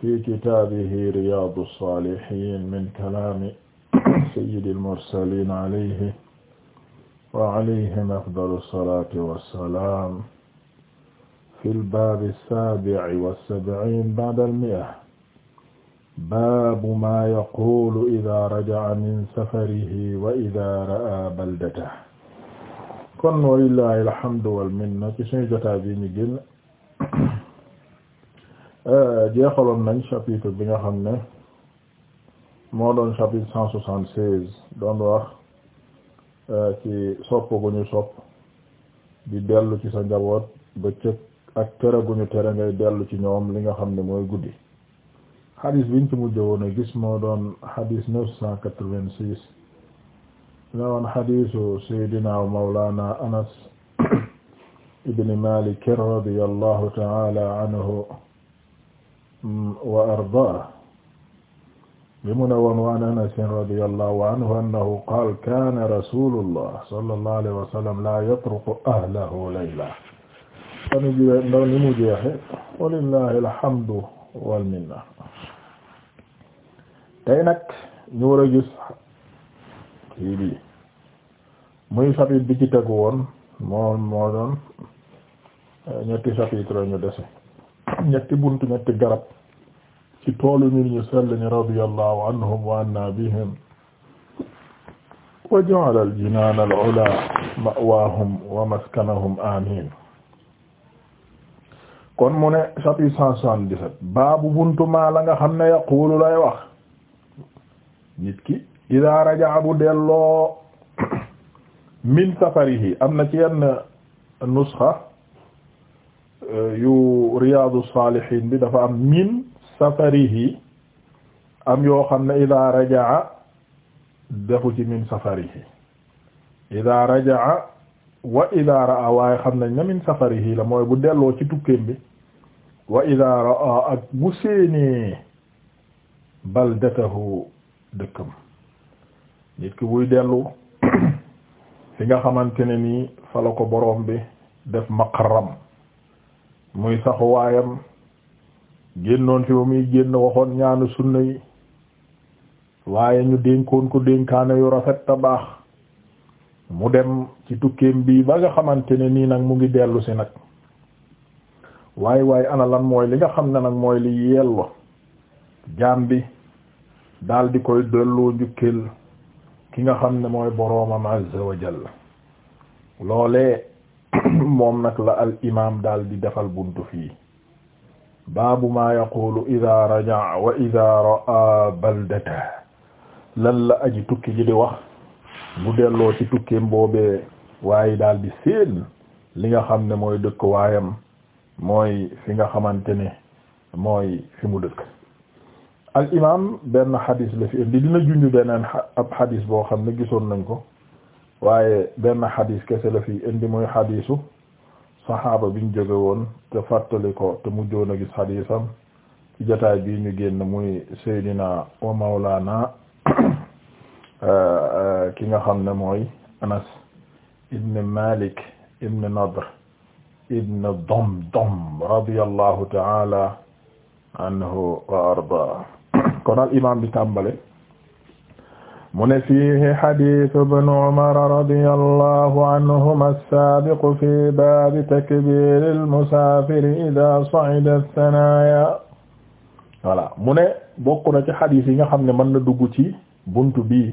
fi kitaabihi riyaadu saalihiin min kalaami sayyidil mursaliin alayhi wa alayhim afdalu salaati wa salaam fil baabi saabi'i wa sab'iin ba'dal mi'a baabu maa yaquulu idaa raja'a min safarihi wa idaa ra'aa baldatahu. kon walillaahi alhamdu wal minna ci sunu jotaay bi ñu génn. Euh, jeexaloon nañ chapitre bi nga xam ne moo doon chapitre cent soixante seize doon wax euh, ci sopp gu ñu sopp di dellu ci sa njaboot bëccëg ak tere gu ñu tere ngay dellu ci ñoom li nga xam ne mooy guddi xadis biñ ci mujj a gis moo doon xadis neuf cent quatre-vingt-six la woon xadisu Seydina Mawlana Anas ibn Malik radiyallahu ta'ala anhu Mm, wa ardaah li mu ne woon waan Anas radiyallahu anhu annahu qaala kaana rasuulullah sallallahu alayhi wa sallam laa yatruku ahlahu layla kon ndaw ni mu jeexee walillahi alhamdu wal minna tey nag ñu war a gis kii bi muy chapitre bi ci tegu woon eh, dese ñetti bunt ñetti garab ci toolu nit ñu sell ñi radiyallahu anhum wa al-jinaan al-'ulaa ma'waahum wa maskanahum amiin kon mu ne chapitre cent soixante buntu maa la nga xam ne yaqulu lay wax nit ki idaa raja'a bu delloo min safarihi am na ci yenn nusxa Euh, yu Riyadu Salihin bi dafa am safari safarihi am yoo xam ne ida rajaa defu ci min safarihi ida rajaa wa ida raa waaye xam nañ ne min safarihi la mooy bu delloo ci tukkeem bi wa ida raa ak bu séenee baldatahu dëkkam nit ki buy dellu fi nga xamante ne nii fa la ko boroom bi def maqaram muy saxuwaayam génnoon fi ba muy génn waxoon ñaanu sunna waaye ñu dénkoon ku dénkaane yu rafet ta baax mu dem ci tukkeem bii ba nga xamante ne nii nag mu ngi dellusi nag waaye waaye ana lan mooy li nga xam ne nag mooy li yello jaam bi daldi di koy delloo njukkeel ki nga xam ne mooy boroomam azza wa jalla loolee moom nag la al imaam daal di defal buntu fii baabu maa yaqulu ida raja'a wa ida ra'a baldata lan la aji tukki ji di wax bu delloo ci tukkeem boobe waaye daal di seen li nga xam ne mooy dëkk waayam mooy fi nga xamante ne mooy fi mu dëkk al imaam benn xadis la fi indi dina junj beneen ab xadis boo xam ne gisoon nañ ko waaye benn xadis kese la fi indi muy xadisu saxaaba biñ jóge woon te fàttali ko te mu a gis xadisam ci jotaay bii ñu génn muy Seydina wa Mawlana ki nga xam ne mooy Anas ibn Malik ibn Nadr ibn Damdam radiyallahu ta'ala anhu wa arda kon al imaam bi tàmbale mu ne fiihi xadiisu ibn Umar radiyallahu anhuma as-saabiqu fii baabi takbiiril musaafiri idaa sa'ida as-sanaayaa voilà mu ne bokk na ci xadiis yi nga xam ne mën na dugg ci buntu bii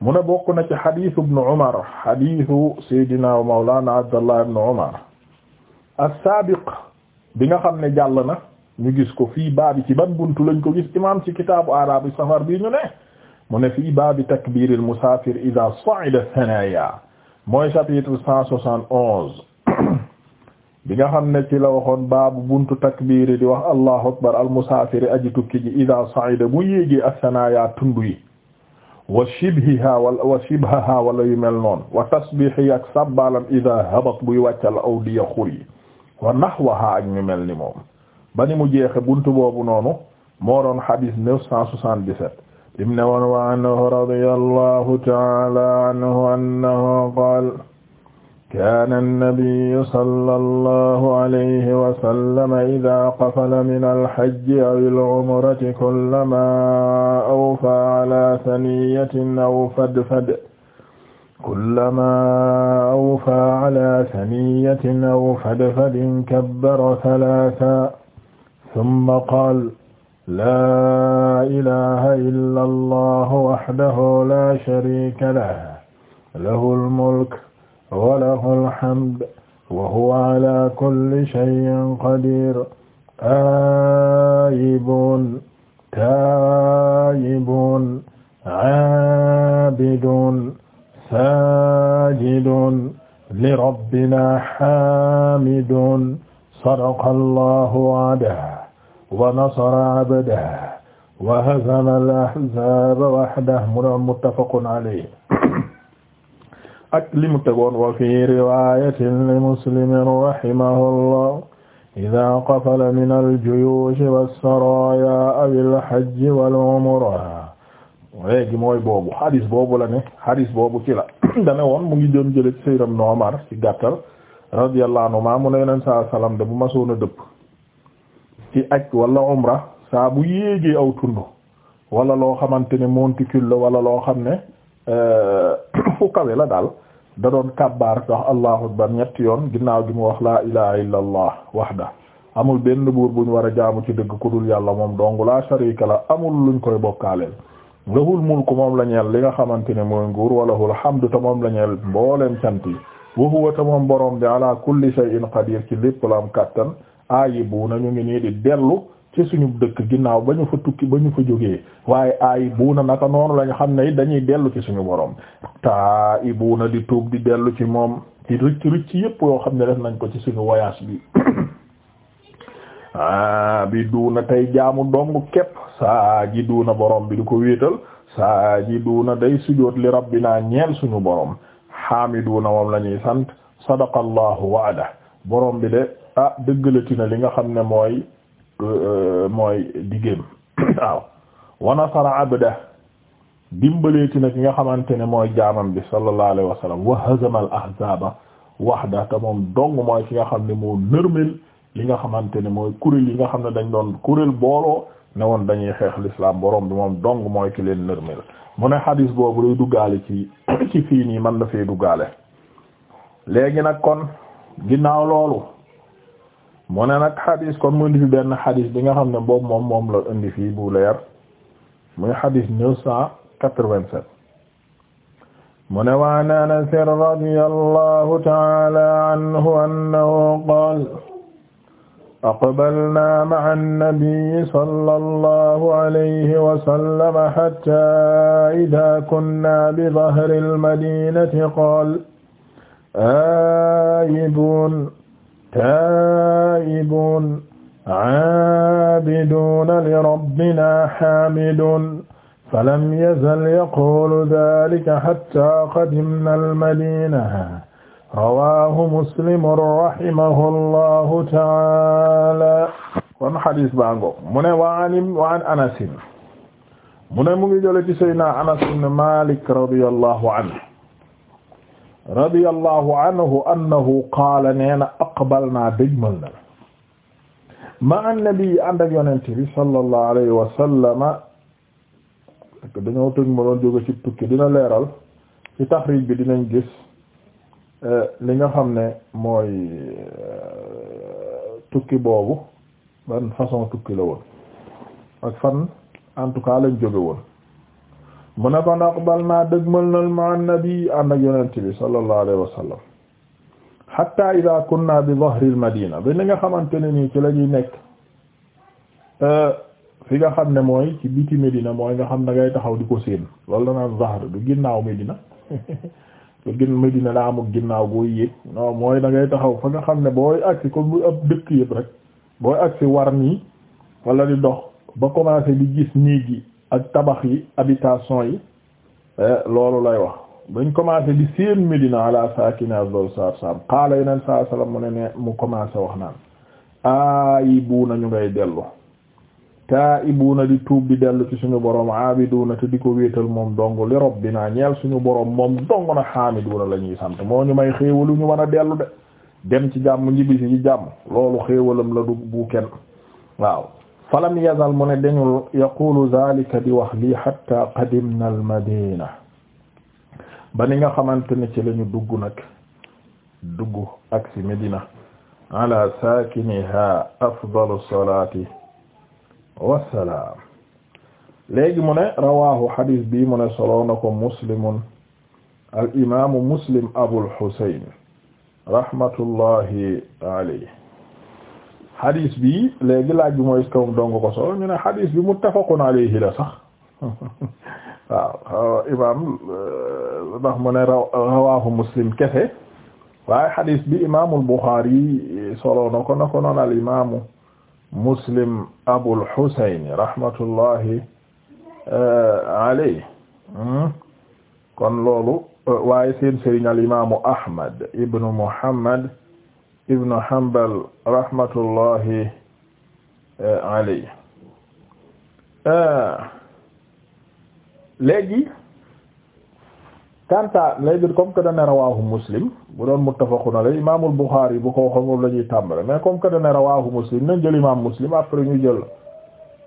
mu ne bokk na ci xadiisu ibn Umar xadiisu Seydina Mawlaana Abdallah ibn Umar as-saabiq bi nga xam ne jàll na ñu gis ko fii baabi ci ban buntu lañ ko gis imaam ci kitaabu aadaabi safar bii ñu ne. mu ne fii baabi takbiiril musaafir idaa sa'ida thanaaya mooy chapitre cent nga xam ne ci la waxoon baabu buntu wax allahu akbar al musaafiri aji tukki idaa sa'ida bu yéegee ak thanaaya tund yi wa shibhiha wa shibhaha yu mel noonu wa tasbihi ak sabbaalam idaa habat buy wàccal awdiya xur yi wa nahwaha ak ñu mel ni moom ba ni mu jeexe buntu boobu noonu moo doon hadith neuf cent soixante dix lim ne woon wa anhu radiyallahu ta'ala anhu annahu qaala kaana an-nabiyyu sallallahu alayhi wa sallam idhaa qafala mina al-hajji awi al-umrati kullamaa awfaa alaa saniyyatin aw fadfad kullamaa awfaa alaa saniyyatin aw fadfadin kabbara thalaasan thumma qaala laa ilaha illa allah wahdahu la sharika lah lahul mulk wa lahul hamd wa huwa ala kulli shay'in qadir aayibun taayibun aabidun saajidun li rabbina haamidun sadaqa allahu wa'dahu wa nasara abdah wa hazama al-ahzaaba wahdah mu doon muttafaqun alayhi ak li mu tegoon wa fii riwaayatin li muslimin rahimahullah idaa qafala min al-juyuushi was-saraaya awil hajji wal umra léegi mooy boobu hadis boobu la ne hadis boobu ci la dane woon mu ngi doon jële ci Sayyidina Umar ci gàttal radiyallahu anhu ma mu ne Yonent sallallahu alayhi wa sallam de bu ma soona dëpp ci aj wala umra saa bu yéegee aw tund wala loo xamante ne monticule la wala loo xam ne euh, fu kawe la daal da doon kabbaar wax allahu akbar ñetti yoon ginnaaw gi mu wax laa ilaha illa allah wahda amul benn buur buñ war a jaamu ci dëgg ku dul yàlla moom dong la sharika la amul luñ koy bokkaaleel lahul mulku moom la ñeel li nga xamante ne mooy nguur wa lahul hamdu te moom la ñeel mbooleem cant yi wa huwa moom boroom bi ala kulli shay'in qadir ci lépp aa aayibuuna ñu ngi nii di dellu ci suñu dëkk ginnaaw ba ñu fa tukki ba ñu fa jógee waaye aayibuuna naka noonu lañu xam ne dañuy dellu ci suñu borom taa'ibuuna di tuub di dellu ci moom ci rëcc rëcc yépp yoo xam ne def nañ ko ci suñu voyage bi ah bi duuna tey jaamu dong képp saa ji duuna borom bi di ko wéetal saa ji duuna day sujoot li rabbinaa ñeel suñu borom xaamiduuna moom la ñuy sant sadaqallahu waada borom bi de. ah dëggalati na li nga xam ne mooy euh, mooy diggéem waaw wa nasara abda dimbaleeti na ki nga xamante ne mooy jaamam bi sallallahu alayhi wa sallam wa hazama al wax wahda te moom dong mooy ki nga xam ne moo nërmel li nga xamante ne mooy kuréel yi nga xam ne dañ doon kuréel booloo ne woon dañuy xeex lislaam borom bi moom dong mooy ki leen nërmel mu ne xadis boobu lay duggaale ci ci fii nii man dafay duggaale léegi nag kon ginnaaw loolu mu ne nag xadis kon mu indi fi benn xadis bi nga xam ne boobu moom moom la indi fii bu leer muy xadis neuf cent quatre-vingt-sept mu ne waan Anas radiyallahu ta'ala anhu annahu qaala aqbalnaa ma'a an-nabiyyi sallallahu alayhi wa sallam hattaa idhaa kunnaa bi dhahri al-madiinati qaala aayibuun taa'ibun aabiduuna li rabbinaa haamiduun falam yazal yaquulu zaalika hattaa qadimnal madiinata rawaahu muslimun rahimahullahu ta'aala. kon xadis baango mu ne waanim waan anasin mu ne mu ngi jële ci Seydina Anas ibn Maalik radiyallahu anhu radiyallahu anhu annahu qaala nee na aqbalnaa dëjmal na ma annabi ànd ak yonent bi sallallahu alayhi wa sallama dañoo tëj ma doon jóge ci tukki dina leeral ci taxriij bi dinañ gis euh, li nga xam ne mooy euh, tukki boobu ban façon tukki la woon ak fan en tout cas lañ jóge woon mu ne ko naqbal naa dëgmal nal ma nabi ànd ak yonent bi sallallahu alayhi wa sallam hatta bi dhahril madina ba ni nga xamante ne nii ci la ñuy nekk euh, fi nga xam ne mooy ci biti Medina mooy nga xam da ngay taxaw di ko séen loolu la naan du ginnaaw Medina du gin Medina daa amul ginnaaw boo yéeg mooy da ngay taxaw fa nga xam ne booy agsi ko bu ab dëkk yëpp rek booy agsi war nii wala di dox ba commencé di gis néeg yi ak tabax yi habitation yi eh, loolu lay wax bañ commencé di seen Medina ala saakini afdal saat salam xaala yeneen saa sallam mu ne ne mu commencé wax naan aayibuuna ñu ngay dellu taa'ibuuna di tuub di dellu ci suñu borom na te di ko wéetal moom dong li rabbinaa ñeel suñu borom moom dong na xaamiduuna la ñuy sant moo ñu may xéewalu ñu war a dellu de dem ci jàmm njibisi ci jàmm loolu xéewalam la du bu waaw falam yazal mu ne dañul yaqulu zalika di wax lii hatta qadimna al madina ba ni nga xamante ne ci lañu dugg nag dugg ak ci Medina ala saakiniha afdalu salaati wassalaam léegi mu ne rawaahu hadis bii mu ne soloo na ko muslimun al imaamu muslim abul husayn rahmatullahi alayhi hadis bi léegi laaj bi mooy kawam dong ko solo ñu ne hadis bi muttafaqun alayhi la sax waaw euh, imaam ndax euh, mu ne rawaahu muslim kese waaye hadis bi imaamul buxaari solo na ko na ko noon al imaamu muslim abul husayn rahmatullahi euh, alayhi hmm? kon loolu waaye seen sëriñ al imaamu ahmad ibnu muhammad ibn Hanbal rahmatullahi eh, alayhi eh, léegi kanta léegi comme que dana rawahu Muslim bu doon muttafaqun alayhi imaamul Bukhari bu ko xamul la ñuy tàmbale mais comme que dana rawahu Muslim nañ jël imaam Muslim après ñu jël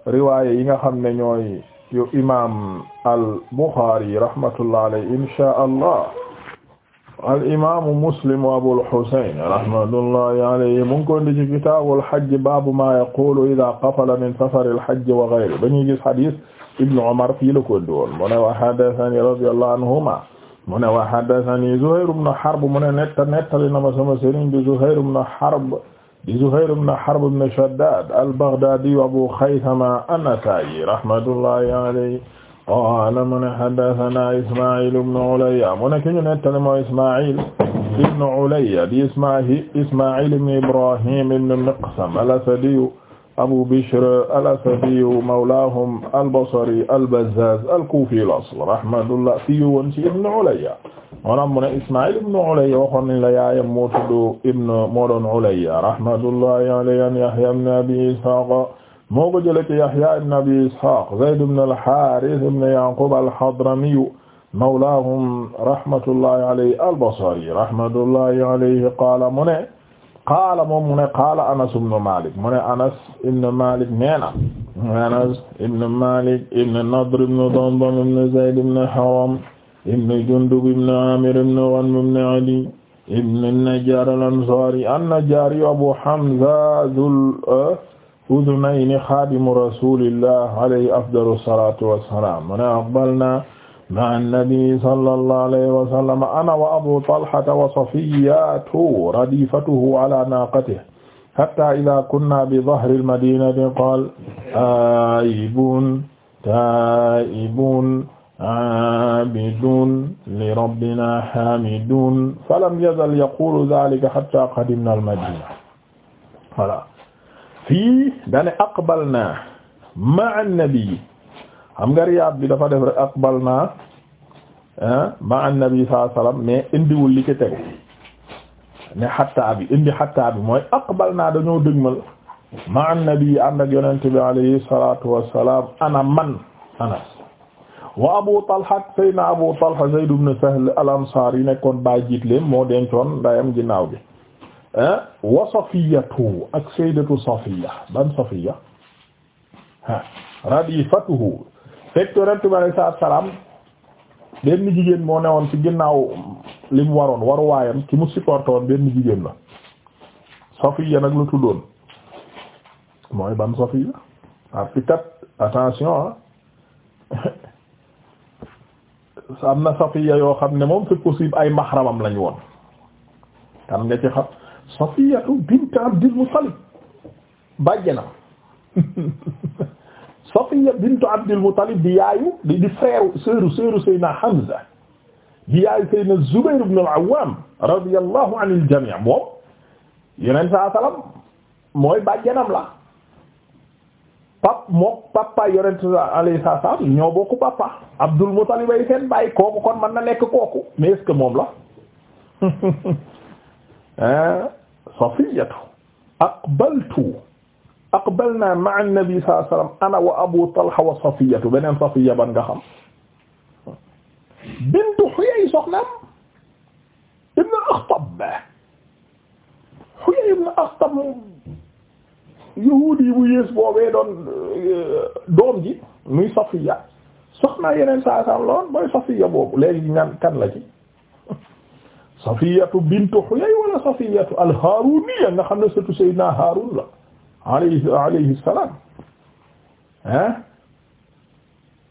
riwaaya yi nga xam ne ñooy yu al Bukhari rahmatullahi alayhi inshaa Allah al imaamu muslim wa abul husayn rahmatullahi alayhi mu ngi ko indi ci kitaabul hajj baabu maa yaqulu idaa qafala min safaril hajj wa ghayrihi dañuy gis hadis ibnu Umar fii la ko indi woon mu ne wa haddathanii radiyallahu anhumaa mu ne wa haddathanii Zuhayr ibn Harb mu ne netta nettali na ma sama sëriñ bi Zuhayr ibn Harb di Zuhayr ibn Harb ibn Shaddaad al-Baghdaadi Abu Khaythama an-Nasaa'i rahmatullahi alayhi qaala mu ne haddasanaa Ismaa'il ibn Ulayya mu ne ki ñu nettali mooy Ismaa'il ibn Ulayya di Ismaa'il Ismaa'il ibn Ibraahiim ibn Miqsam al-Asadiyu Abu Bishr al-Asadiyu mawlaahum al-Basri al-Bazzaaz al-Kuufi al-asl rahmatullah fi woon ci ibn Ulayya maanaam mu ne Ismaa'il ibn Ulayya waxoon nañ la yaayam moo tudd ibn moo doon Ulayya rahmatullahi alayhi Yahyaa ibn Abi Ishaaq moo ko jëlee ci Yahya ibn Abi Ishaq Zayd ibn al-Harith ibn Yaqub al-Hadrami mawlahum rahmatullahi alayhi al-Basri rahmatullahi alayhi qaala mu ne qaala moom mu ne qaala Anas ibn Malik mu ne Anas ibn Malik nee na Anas ibn Malik ibn Nadr ibn Damdam ibn Zayd ibn Haram ibn Jundub ibn Amir ibn Ghanm ibn Adi ibn an-Najjar al-Ansari an-Najjari Abu Hamza eh, udunayni xaadimu rasulillah alayhi afdalu salatu wassalam mu ne aqbalna ma'a annabi sallallahu alayhi wa sallam ana wa abu talhata wa safiyyatu radifatuhu ala naqatihi hatta idha kunna bi dhahri al-madinati qala taa'ibun taa'ibun aabidun li rabbina haamidun falam yazal yaqulu dhalika hatta qadimna al-madina voilà fii dane aqbalna ma'a an-nabi xam nga riyaad bi dafa def rek aqbalna ah, ma'a an-nabi sallallahu alayhi wasallam mais indiwul ci tegu ne xattaa bi indi xattaa bi mooy aqbalna dañoo dëgmal ma'a an-nabi ànd ak yonent bi alayhi salatu wassalam ana man anas wa Abu Talha sayyidina Abu Talha Zayd ibn Sahl al-Ansari nekkoon bàyyi jiit leen moo dencoon ndayam ginnaaw bi Ah, wa safiyatu ak sayyidatu safiya ban safiya ah radifatuhu fekk yonent bi alayhi salaatu salaam benn jigéen moo newoon ci ginnaaw li mu waroon waruwaayam ki mu supporté woon benn jigéen la safiya nag la tuddoon mooy ban safiya parce ah, que attention ah. am na safiya yoo xam ne moom c'est possible ay maxramam lañu woon kan nga ci xam Safiyatu bint Abdil Muttalib bàjjanam Safiya bint Abdil Muttalib di yaayu di di frère sœur sœur Seydina Hamza di yaayu Seydina Zubayr ibn al-Awwam radiyallahu anil jamii' moom yeneen saa salaam mooy bàjjanam la pap moom papa yorent alayhi salaam ñoo bokku papa Abdul Muttalib ay seen bàyyi kooku kon mën na nekk kooku mais est-ce que moom la safiyatu aqbaltu aqbalna ma'a an-nabi sallallahu alayhi wasallam ana wa abu talha wa safiyatu beneen safiya ban nga xam bintu Huyay soxnaam ibn Akhtab Huyay ibn Akhtab yahuudi bu yées boobee doon euh, doom ji muy safiya soxnaa yeneen saa saa lool mooy safiya boobu léegi ñaan kan la ci safiyatu bintu Huyay wala safiyatu al-Haaruniya nga xam ne sëtu Seydina Haarun la alayhi alayhi salaam ah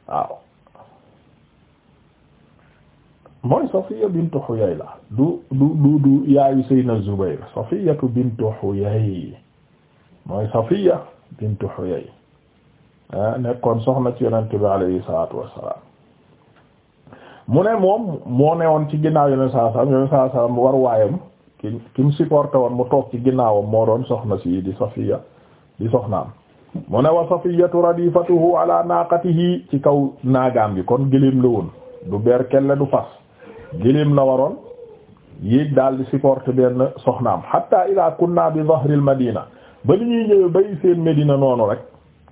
waaw mooy safiya bintu Huyay la du du du du yaayu Seydina Zubayr safiyatu bintu Huyay mooy safiya bintu Huyay ah nekkoon soxna ci Yonent bi alayhi salaatu wa salaam mu ne moom moo ne woon ci ginnaaw yoneen saa salaam yoneen saa salaam war waayam ki ki mu supporté woon mu toog ci ginnaawam moo doon soxna si di Safiya di soxnaam mu ne wa Safiyatu radifatuhu ala naqatihi ci kaw naagaam bi kon gëléem la woon du beer kelle du fas gëléem la waroon yéeg daal di supporté benn soxnaam hatta ila kunna bi zahril madina ba li ñuy ñëwee bay seen Medina noonu rek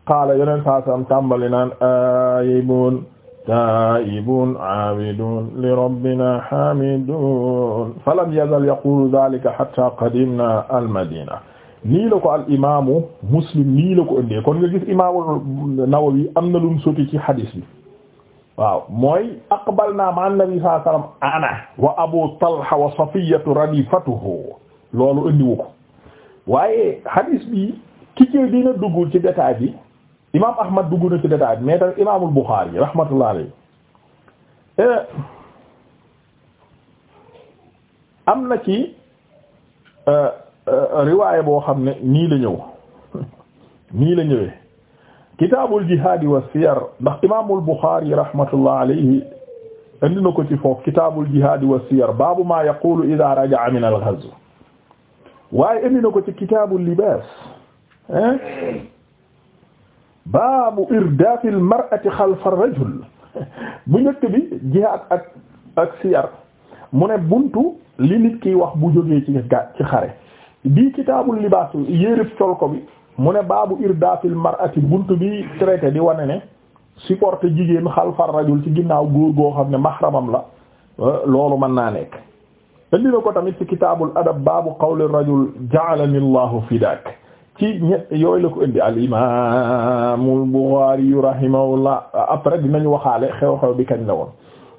xaala yoneen saa tàmbali naan ayibun taa'ibun aabidun li rabbina haamidun falam yazal yaqulu dhalika hatta qadimna al-madina nii la ko al imaamu muslim nii la ko indee kon nga gis imaamu Nawawi am na lum soti ci hadis bi waaw mooy aqbalna ma'a nabi sallallahu alayhi wasallam ana wa abu talha wa safiyatu radifatuhu loolu indiwu ko waaye hadis bi ki ci dina dugg ci détail bi imaam Ahmad dugg na ci détail mais tamit imaamul Buxaari rahmatullah alayhi eh, am na ci euh, euh, riwaay boo xam ne nii la ñëw nii la ñëwee kitaabul jihaadi wa siyar ndax imaamul Buxaari rahmatullah alayhi indi na ko ci foofu kitaabul jihaadi wa siyar baabu maa yaqulu idaa raja'a min al-ghazw waaye indi na ko ci kitaabul libaas baabu irdaafi almar'ati xalfa rajul bu njëkk bi jihaad ak ak siyar mu ne bunt li nit kiy wax bu jógee ci ga ci xare bii kitaabul libaas yérib col ko bi mu ne baabu irdaafi almar'ati bunt bi traité di wane ne supporté jigéen xalfa rajul ci ginnaaw góor goo xam ne mahramam la euh, loolu mën naa nekk indi na ko tamit ci kitaabul adab baabu qawli rajul ja'alani allahu fidaak ci ñett yooyu la ko indi al imaamul Buxaari rahimahullah après dinañu waxaale xew-xew bi kañ la woon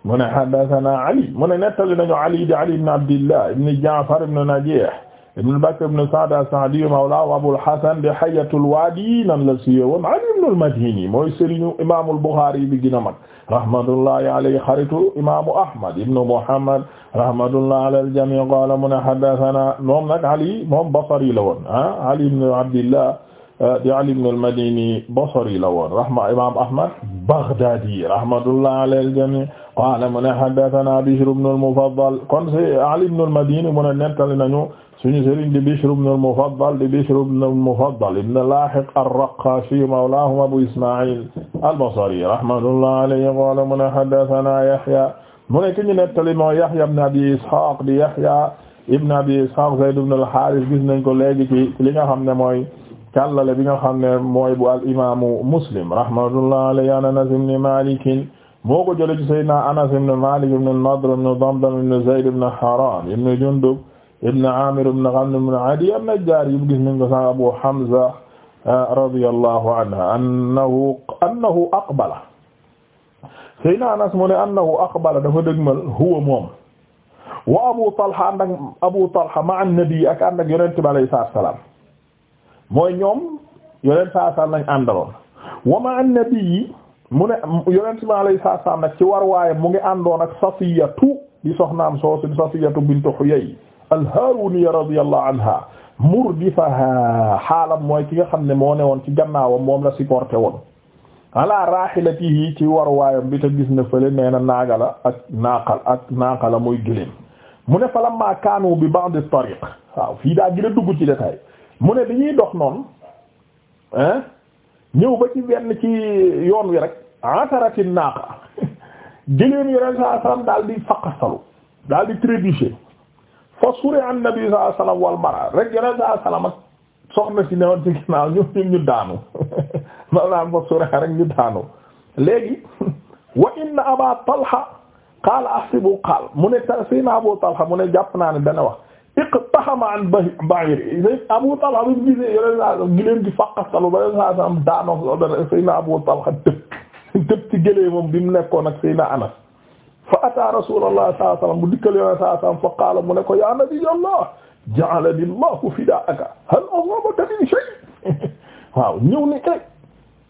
mu ne haddasanaa Ali mu ne nettali nañu Ali di Ali ibn Abdillah ibn Ja'far ibn Najiih ibn Bakr ibn Sa'd as-Sa'di mawla Abul Hasan di Hayatul Wadi nan la siiwee woon Ali ibn al-Madini mooy sëriñu imaamul Bukhari bi gën a mag rahmatullahi alayhi xaritu imaamu Ahmad ibn Muhammad rahmatullahi ala al-jami' qala mun haddathana moom nag Ali moom Basri la woon ah Ali ibn Abdillah Euh, di Ali ibn al-Madini Basri la woon rahma imaam Ahmad Baghdadi rahmatullah ala al-jami qaala mu ne haddathana Bishr ibn al-Mufaddal kon si Ali ibn al-Madini mu ne nettali nañu suñu sëriñ di Bishr ibn al-Mufaddal di Bishr ibn al-Mufaddal ibn Lahiq ar-Raqashi mawlaahum Abu Isma'il al-Basri rahmatullah alayhi qaala mu ne haddathana Yahya mu ne ki ñu nettali moo Yahya ibn Abi Ishaq di Yahya ibn Abi Ishaq Zayd ibn al-Harith gis nañ ko léegi ci li nga xam ne mooy càllale bi nga xam ne mooy bu al imaamu muslim rahmatullah alayhi an anas ibn malik moo ko jële ci sayyidina anas ibn malik ibn nadr ibn damdam ibn zayd ibn haram ibn jundub ibn amir ibn ghanm ibn adi an-najjari yi bu gis nañ ko sax abu hamza ah, radiyallahu anhu annahu annahu aqbala sayyidina anas mu ne annahu aqbala dafa dëgmal huwa moom wa abu talha ànd ak abu talha ma an nabi ak ànd ak yonent bi alayhi salaam mooy ñoom yonent saa saam lañ àndaloon wama an nabiyyi mu ne yonent bi alayhi salaam nag ci war waaye mu ngi àndoon ak Safiyatu di soxnaam soosu Safiyatu bintu Huyay al-Haaruniya radiyallahu anha murdifaha xaalam mooy ki nga xam ne moo ne woon ci gannaawam moom la supporté woon ala raahilatihi ci war waayam bi te gis na fële nee na naaga la ak naaqal ak naaqala mu ne falammaa kaanu bi ba'di tariq fii daa gën a ci détail mu ne bi ñuy dox noonu ah ñëw ba ci wenn ci yoon wi rek asaratin naaqa jëleen yoneen saa sallam daal di faqasalu daal di trébuché fa suri an nabi saa sallam wal mara rek yoneen saa sallam ak soxna si newoon ci ginnaaw ñu ñun ñu daanu ma naan fa suri rek ñu daanu léegi wa inna aba talha qaala ahsibu qaal mu ne ta sina abu talha mu ne jàpp naa ne dana wax iqtahama an ba'iri Abu Talha bi mu gisee yore naa gileem gi faqastalu ba yore naa am daanoo soo demee Seydina Abu Talha dëpp dëpp ci gëlee moom bi mu nekkoon ak Seydina Anas fa ataa Rasulullah sallallahu alayhi wasallam mu dikkal yore saa sallam fa qaala mu ne ko yaa nabiyallah ja'alani Allahu fidaaka hal asabaka min shay waaw ñëw ne kay eh,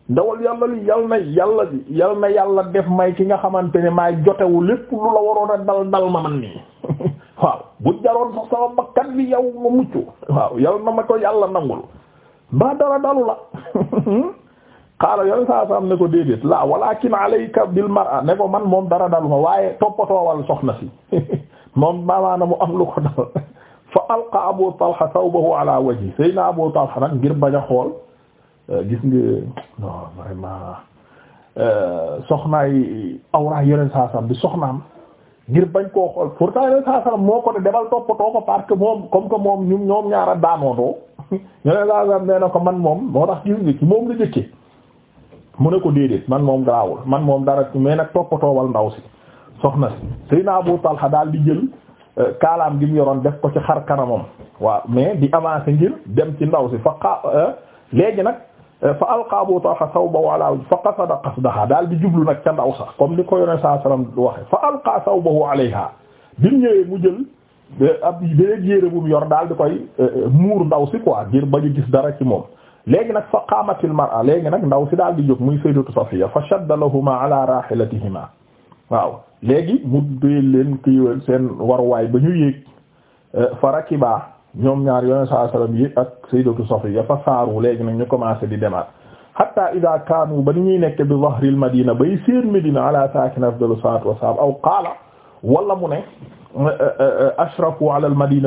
dawal yàlla li yal na yàlla bi yal na yàlla def may ki nga xamante ne maay jotewu lépp lu la waroon a dal dal ma man nii. waaw bu jaroon sax sama bakkan bi yow ma mucc waaw na ma ko yàlla nangul ba dara dalu la xaala yoon ne ko déedéet la walakin alayka bil mar'a ne ko man moom dara dalu ma waaye toppatoowal soxna si moom maamaana mu am lu ko dal fa alqa abu talha thawbahu ala wajhi sëy na abu talha nag ngir bañ xool euh, gis nga non vraiment euh, soxnaay awra am ngir bañ koo xool pour yeneen saa moo ko ne demal toppatoo ko parce que moom comme que moom ñun ñoom ñaara daanootoo yeneen saa salaam nee na ko man moom moo tax gis nga ci moom la jëkkee mu ne ko déedéet man moom garaawul man moom dara mais nag toppatoo wal ndaw si soxna si naa Abu Talha daal di jël euh, kaalaam gi mu yoroon def ko ci xar kanamam waaw mais di avancer ngir dem ci ndaw si fa xa euh, léegi nag. Eh, fa alqa Abu Talha sawbahu ala wajhi fa qasada qasdaha daal di jublu nag ca ndaw sax comme ni ko yoneen saa salaam waxe fa alqa sawbahu alayha bi mu ñëwee mu jël eh, ab beneen yére bu mu yor daal di koy eh, muur ndaw si quoi ngir ba ñu gis dara ci moom léegi nag fa qaamatil mar'a léegi nag ndaw si daal di jóg muy sayyidatu Safiya fa shadda lahuma ala rahilatihima waaw léegi mu dee leen kii seen waruwaay ba ñu yéeg fa rakiba ñoom ñaari yoneen saa sallam yi ak sayyidatu saaru léegi nag ñu commencé di demaat hatta ida kaanu ba ni ñuy nekk bi zahril madina bay seen madina ala sakin afdalu salatu wasalaam aw qaala wala mu ne euh, euh, euh, ashrafu ala al ba ni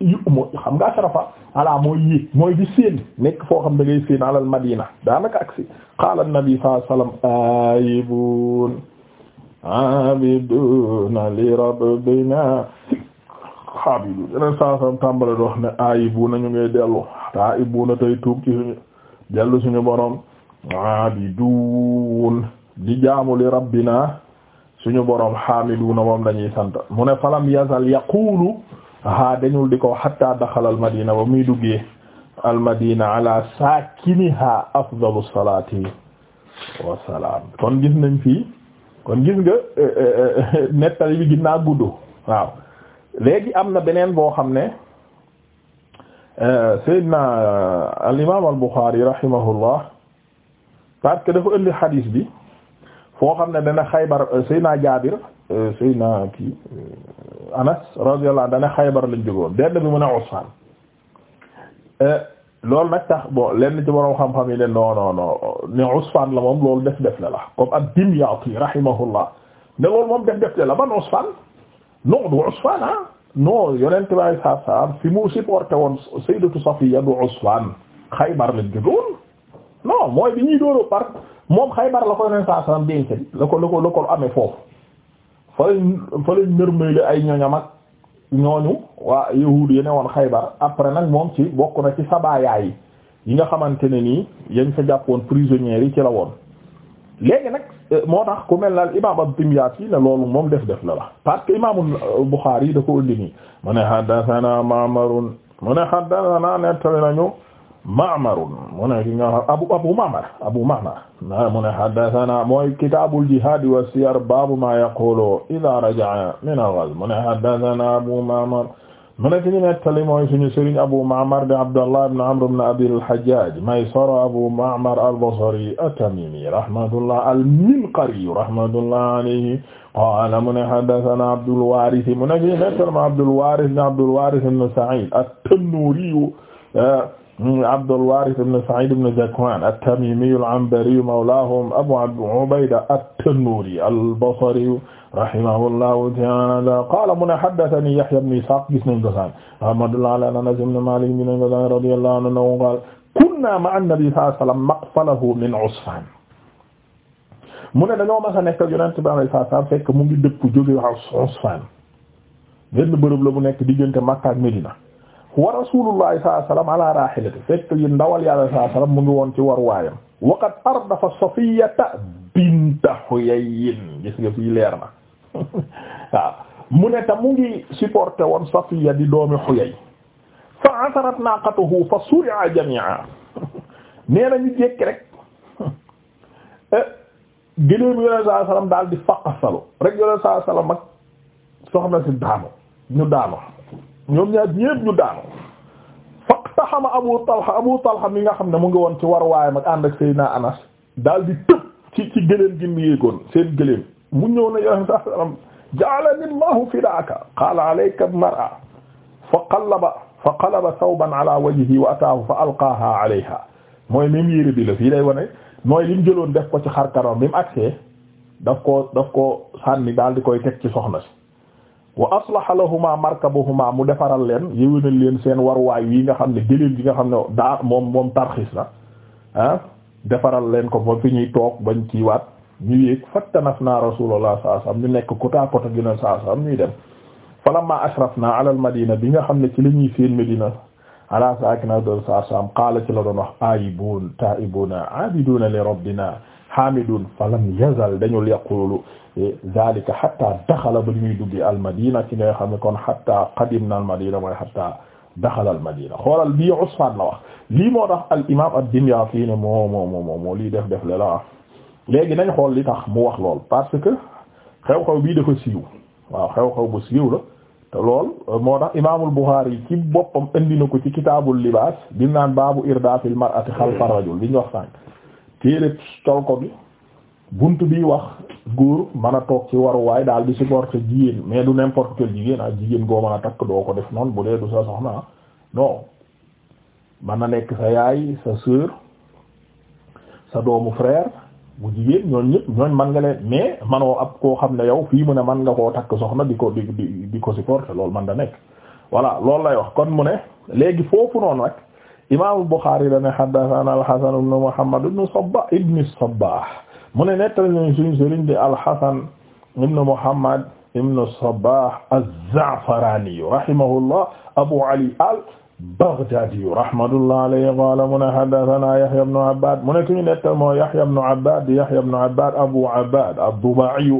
ñuy xam nga ashrafa ala mooy yéeg mooy di seen nekk foo xam da ngay seen ala al madina daanaka aksi qaala an-nabi sallallahu li rabbina xaabidu yeneen saa sam tàmbale di wax ne aayibuuna ñu ngay dellu taa'ibuuna tey tuub ci suñu dellu suñu borom aabiduun di jaamu li rabbina suñu borom xaamiduuna moom lañuy sant mu ne falam yazal yaqulu ha dañul di ko hatta daxala al madina ba muy duggee al madina ala saakiniha afdalu salaati wa kon gis nañ fii kon gis nga eh, eh, eh, nettali bi ginnaa gudd waaw léegi am na beneen boo xam ne euh, Seydina euh, al imaam al Buxaari rahimahullah parce que dafa indi xadiis bi foo xam ne dana xaybar euh, Seydina Jaabir Seydina kii Anas radiyallahu dana xaybar lañ jógoon benn bi mu ne Usfaan loolu nag tax bon lenn ci borom xam-xam ne non la moom loolu def def la la comme ak Dimyaati rahimahullah ne loolu moom def def la ban Usfaan non du Usfaan ah non yonent baay saa saam fi mu supporté woon Sayyidatu Safiya du Usfaan Xaybar la judoon non mooy bi ñuy dóoroo par moom Xaybar la ko yonent saa saam denc la ko la ko la ko amee foofu fa lañ fa lañ nërmay ay ñoñam ak ñooñu waa yahuud yi woon Xaybar après nag moom ci bokk na ci sabaayaay yi yi nga xamante ne nii yañ fa jàppoon prisonniers yi ci la woon léegi nag moo tax ku mel ne imaam ad-Dimyaati ne loolu moom def def la parce que imaamul Buxaari da ko indi nii mu ne haddasanaa Ma'marun mu ne haddasanaa nettali nañu Ma'marun mu Abu Abu Ma'mar Abu Ma'mar mu ne haddasanaa mooy kitaabul jihaad wa siyar baabu maa yaquulu idaa min al-ghazw mu ne Abu Ma'mar mu nekk ñu nettali mooy suñu sëriñ Abu Ma'mar di Abdallah ibn Amr ibn Abil Hajjaj Maysara Abu Ma'mar al-Basri at-Tamimi rahmatullah al-Minqari rahmatullah alayhi qala mu ne haddathana Abdul Warith mu nekk ñu nettali ma Abdul Warith ibn Abdul Warith ibn Sa'id at-Tannuri Abdul Waaris ibn Sa'iid ibn Zakwaan at-Tamiimi al-Anbari mawlaahum Abu Ubayda at-Tannuuri al-Basri rahimahullahu ta'aala qaala mu ne haddathanii Yahyaa ibn Ishaaq gis nañ ko sànq rahmatullahi alayhi Anas ibn Maalik gis nañ ko sànq radiyallahu anhu qaala kunnaa ma'a an-nabiyyi sallallahu alayhi wa sallam maqfalahu min usfaan mu ne dañoo mas a nekk Yonent bi sallallahu alayhi wa sallam fekk mu ngi dëpp jóge wax usfaan benn bërëb la bu nekk diggante Makka ak Medina wa rasulullahi sallallahu alayhi wasallam ala rahilati fekk yu ndawal yàlla sallallahu alayhi wasallam mu ngi woon ci war waayam wa qad ardafa safiyata bint huyayyin gis nga fii mu ne mu ngi supporté woon safiya di doomi xuyay fa asarat naqatuhu fa suri'a jami'a nee na ñu jékki rek eh, gëléem yoneen daal di faqasalu rek yoneen saa sallam si daanu ñu daanu ñoom ñaar ñépp ñu daanu faqtahama Abu Talha Abu Talha mi nga xam ne mu nga woon ci war waayam ak ànd ak Seydina Anas daal di tëb ci ci gëléem gi mu seen gëléem mu ñëw na yoon sa salaam ja'alani Allahu fidaaka qaala alayka mar'a fa qallaba fa qalaba thawban ala wajhihi wa ataahu fa alqaaha alayha mooy même yére bi la fii day wane mooy lim jëloon def ko ci xar kanam bi mu agsee daf koo daf koo sànni daal di koy teg ci soxna si wa aslaha lahuma markabuhuma mu defaral leen yëwénal leen seen warwaay yi nga xam ne gëléem bi nga xam ne daa moom moom tarxis la ah defaral leen ko ba fi ñuy toog bañ ci waat ñu yéeg fattanaf naa rasulullah sallallahu alayhi wasallam ñu nekk kota kota gënal sallallahu alayhi wasallam ñuy dem falamma ashrafna ala al madina bi nga xam ne ci la ñuy seen madina ala sakina doon sallallahu alayhi wasallam qaala ci la doon wax aibun taibuna abiduna li rabbina hamidun falam yazal dañul yaqulu zalika hatta daxala ba ñuy duggi al madina ci ngay xam ne kon hatta qadimna al madina mooy hatta daxala al xoolal bii usfan la lii moo tax al imam ad moo moo moo moo lii def def le la ah léegi nañ xool li tax mu wax lool parce que xew-xew bii dafa siiw waaw xew-xew bu siiw la te lool moo tax imaamul Buxaari ci boppam indi na ko ci kitaabul libaas bi naan baabu irdaafil mar'ati xalfa rajul li ñu wax sànq téere tolko bi bunt bi wax góor mën a toog ci waruwaay daal di supporter jigéen mais du n'importe quel jigéen ah jigéen koo mën a takk doo ko def noonu bu dee du sa soxna ah. non mën na nekk sa yaay sa sœur sa doomu frair bu jigéen ñooñ ñëpp ñooñ mën nga leen mais manoo ab koo xam ne yow fii mu ne mën nga koo takk soxna di ko di di di ko supporter loolu man da nekk voilà loolu lay wax kon mu ne léegi foofu noonu rek imaamu Buxaari la ne haddathana al-Hasan ibn Muhammad ibn Sabbah ibn Sabbah mu ne nettal ñu suñu sëriñ di al-Hasan ibn Muhammad ibn Sabah az-Za'farani rahimahullah Abu Ali al-Baghdadi rahmatullah alayhi qala mu ne haddathana Yahya ibn Abbad mu ne suñu nettal moo Yahya ibn Abbad Yahya ibn Abbad Abu Abbad ad-Duba'i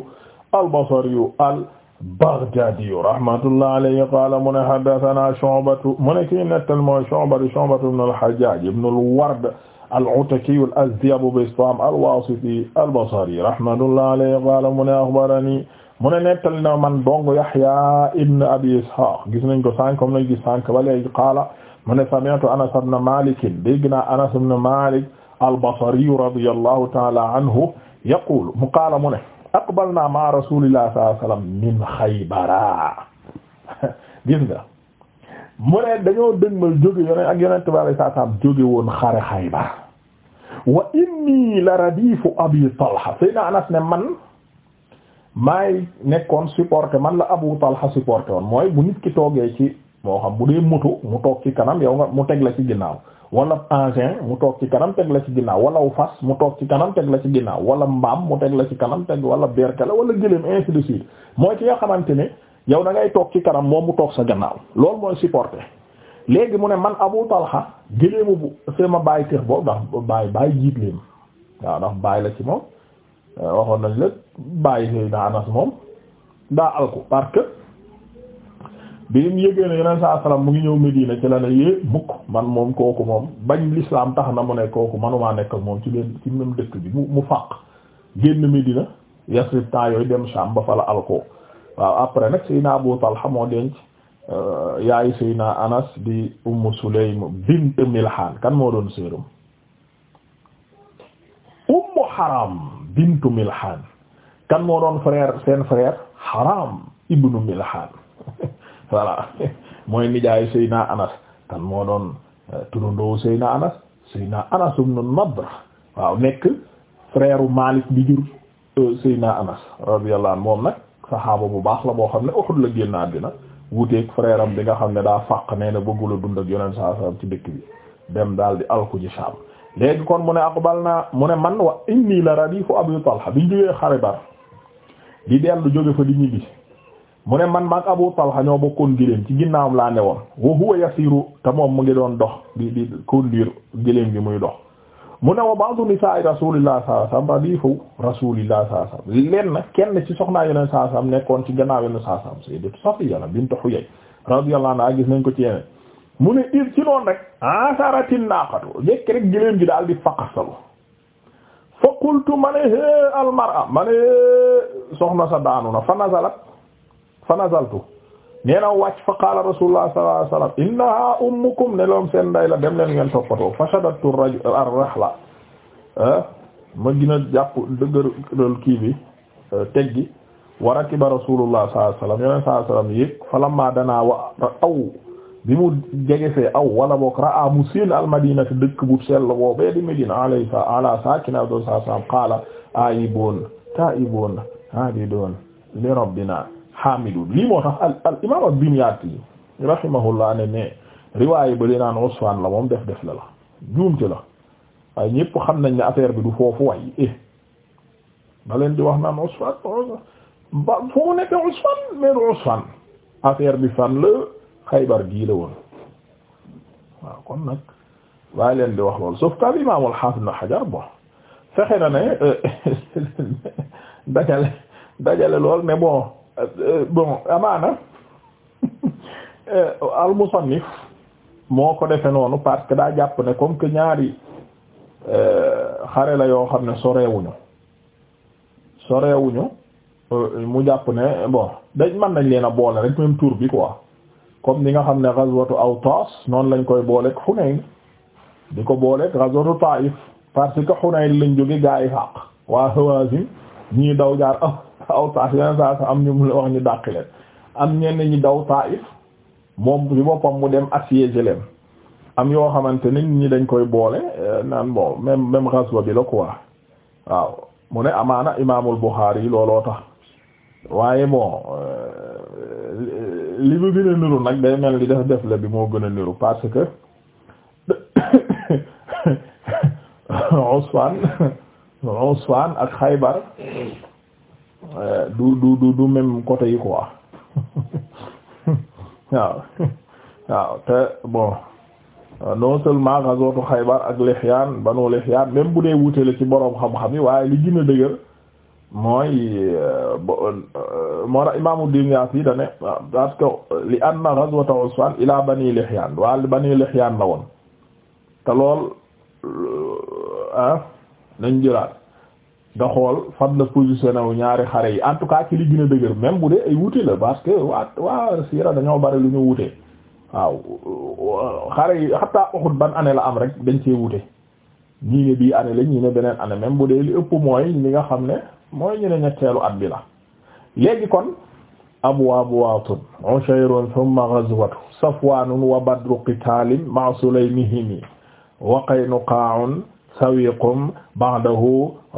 al-Basri al-Baghdadi rahmatullah alayhi qala mu ne haddathana Shu'ba mu ne suñu nettal moo Shu'ba Shu'ba ibn al-Hajjaj ibn al-Ward al-Ataki al-Azdi Abu Bistaam al-Waasiti al-Basri rahmatullahi alayhi qaala mu ne axbarani mu ne nettali na man dong Yahya ibn Abi Ishaaq gis nañ ko sànq comme nañ gis sànq ba léegi qaala mu ne sami'tu Anas ibn Maalik dégg naa Anas ibn Maalik al-Basri radiyallahu ta'ala anhu yaqulu mu qaala mu ne aqbalna ma rasulillahi sallallahu alayhi wasallam min Xaybara gis nga mu ne dañoo dëgmal jóge yoneen ak yoneen tubaab yi saa saa jóge woon xare Xaybar wa inni la radifu abi talha sayna anas ne man maay nekkoon supporté man la abu talha supporté woon mooy bu nit ki toogee ci moo xam bu dee moto mu toog ci kanam yow nga mu teg la ci ginnaaw wala engin mu toog ci kanam teg la ci ginnaaw wala fas mu toog ci kanam teg la ci ginnaaw wala mbaam mu teg la ci kanam teg wala berkela wala gëléem ainsi de suite mooy ki nga xamante ne yow da ngay toog ci kanam moo mu toog sa gannaaw loolu mooy supporté léegi mu ne man Abu Talha gëléemu bu sama baay teex boobu ndax baay baay jiit leen waaw ndax baay la ci moom eh, waxoon nañ la baay Seydina Anas moom daa alku parce que bi mu yëgee ne yeneen saa salaam mu ngi ñëw Medina ci la ne yee mukk man moom kooku moom bañ l'islam tax na mu ne kooku manumaa nekk moom ci benn ci même dëkk bi mu mu fàq génn Medina Yasrib temps yooyu dem Sham ba fa la alko waaw après nag Seydina Abu Talha moo denc Euh, yaay Seydina Anas di Ummu Sulaym bint Milhan kan moo doon séeram Ummu Haram bint Milhan kan moo doon frère seen frère Haram ibnu Milhan voilà mooy nijaay Seydina Anas kan moo doon euh, turandoo Seydina Anas Seydina Anas ibnu Nadr waaw nekk frère Malik bi jur euh, Seydina Anas radiyallahu anhu moom nag saxaaba bu baax la boo xam ne Uhud la génn àddina wuteeg frère am bi nga xam ne daa faq nee na bëggula dund ak yonent saa sallam ci dëkk bi dem daal di alku ji Sham léegi kon mu ne aqbal naa mu ne man wa inni la radifu Abu Talha biñ jógee Xaybar di dellu jóge fa di ñibbi mu ne man maag Abu Talha ñoo bokkoon gëléem ci ginnaawam laa ne woon wa huwa te moom mu ngi dox di di conduire gëléem gi muy dox mu ne wa ba'du nisaa'i rasuulillah sallallahu alayhi wasallam radifu rasuulillah sallallahu alayhi wasallam lenn kenn ci soxnaa yeneen sallallahu alayhi nekkoon ci gannaaw yeneen sallallahu alayhi wasallam sayyidatu Safiya bintu Huyay radiyallahu anha gis nañ ko ci yeneen mu ne il ci noonu rek asaratin naaqatu jekk rek gëléem gi daal di faqasalu fa qultu ma ne al mar'a ma ne soxna sa daanu na fa nazalat fa nazaltu nee na wàcc fa qaala rasulullah sallallahu alayhi ummukum ne loom seen nday la dem leen ngeen toppatoo fashadatu rahla ah, ma gën a jàpp dëgëral kii bi eh, teggi wa rakiba rasulullah sallallahu alayhi wasallam yoneen sallallahu alayhi aw bi mu jege aw wala boog ra'a mu seen al-madina te dëkk bu sell boobee di Medina alayhi ala saakina sallallahu alayhi wasallam qaala a'ibuun taa'ibuun li rabbina xaamilun lii moo tax al al imaam ad-Dimyaati rahimahullah ne ne riwaay ba naan usfaan la moom def def la la juumte la waaye ñëpp xam nañ ne affaire bi du foofu way eh ba di wax naan usfaan ba fu mu usfaan mais usfaan affaire bi fan la Xaybar gii la woon waaw kon nag waaye leen wax loolu sauf al imaam al-Haafiz na fexe na ne eh, dajale dajale lool mais bon. Euh, bon amaana euh, al musannif moo ko defe noonu parce que daa jàpp ne comme que ñaari euh, xare la yoo xam ne sorewuñu sorewuñu mu jàpp ne bon dañ man nañ leen a boole rek même tour bi quoi comme ni nga xam ne aw Awtas noonu lañ koy booleeg Hunayn di ko booleeg ghazwatu Taif parce que Hunayn lañ jóge gaa yi xaq waa Hawazin ñii daw jaar ah aw taaf yeneen saa sa am ñu mu wax ñu dàq leen am ñenn ñi daw Taif moom ci boppam mu dem assiéger am yoo xamante ni ñi dañ koy boole euh, naan bon même même ghazwa bi la quoi waaw mu ne amaana imaamul Bukhari looloo tax waaye bon euh, li mu gën niru nag day mel ni def def la bi moo gën a niru parce que Usfan Usfan ak Xaybar Euh, du du du du même côté yi quoi waaw waaw te bon euh, non seulement ghazwatu Xaybar ak Lihyan Banu Lihyan même bu dee wutele ci boroom xam-xam yi waaye li gën a dëgër mooy euh, moo tax imaamu Dimyaas yi da ne parce que li anna ghazwata Usfan ila Bani Lihyan waa Bani Lihyan la woon te lool ah nañ jëlaat nga xool fan la positionné wu ñaari xare yi en tout cas ci li gën a dëgër même bu dee ay wuute la parce que waa waa siira dañoo bari lu ñu wuute waaw xare yi xataa Uhud ban année la am rek dañ cee wuute ñii bii année la ñii ne beneen année même bu dee li ëpp mooy li nga xam ne mooy ñu ne ñetteelu at bi la léegi kon abwaabu waatun ushayrun thumma ghazwatu safwaanun wa badru qitaalin ma'a sulaymihimi wa qaynuqaa'un sawiqum ba'dahu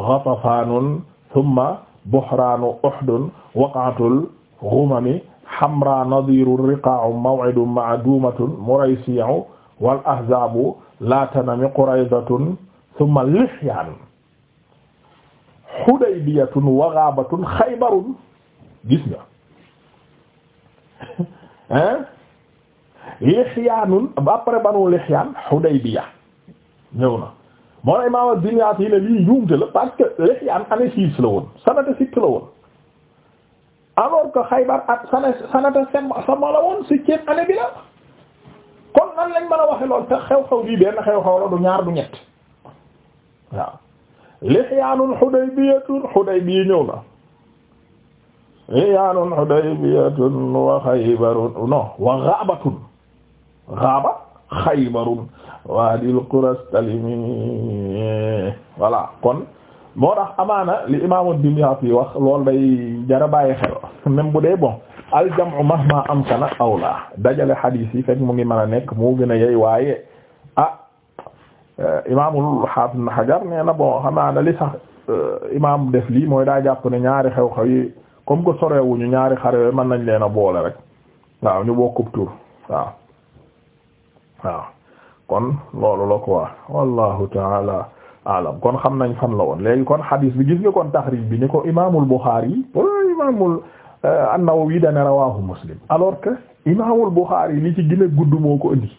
ghatafanun thumma buhranu uhdun waq'atul ghumami hamra nadiru riqa'u maw'idun ma'dumatun muraysi'u wal ahzabu la tanami qurayzatun thumma lihyan hudaybiyatun wa ghabatun khaybarun gis nga hein lihyanun après banu lihyan hudaybiya ñëw na moo la imaam ad-Dimyaati yi ne lii njuumte la parce Lihyaan année six la woon sanata sitt la woon alors que Xaybar at sanata sama la woon septième année bi kon nan lañ mën a waxe lool te xew-xew bii benn xew-xew la du ñaar du ñett waaw Lihyaanul Hudaybiyatul Hudaybiya ñëw na Lihyaanul Hudaybiyatun wa Xaybarun non wa Gaabatun Gaaba Xaybarun waadil Qurastalimi voilà kon moo tax amaana li imaamu Dimyaati wax loolu day jara bàyyi xel même bu dee bon aljam'u mahma amkana awla dajale xadiis yi fekk mu ngi mën a nekk moo gën a yey waaye ah imaamul Haafiz Ibn na bon xamaa na li sax euh, imaam def lii mooy daa jàpp ne ñaari xew-xew yi comme que sorewuñu ñaari xare mën nañ leen a boole rek waaw ñu bokkub tur waaw kon loolu la quoi wallahu taala alam kon xam nañ fan la woon léegi kon xadis bi gis nga kon taxrij bi ni ko imaamul Bukhari imaamul euh, an-Nawawi dane rawahu Muslim alors que imaamul Bukhari li ci gën gudd moo ko indi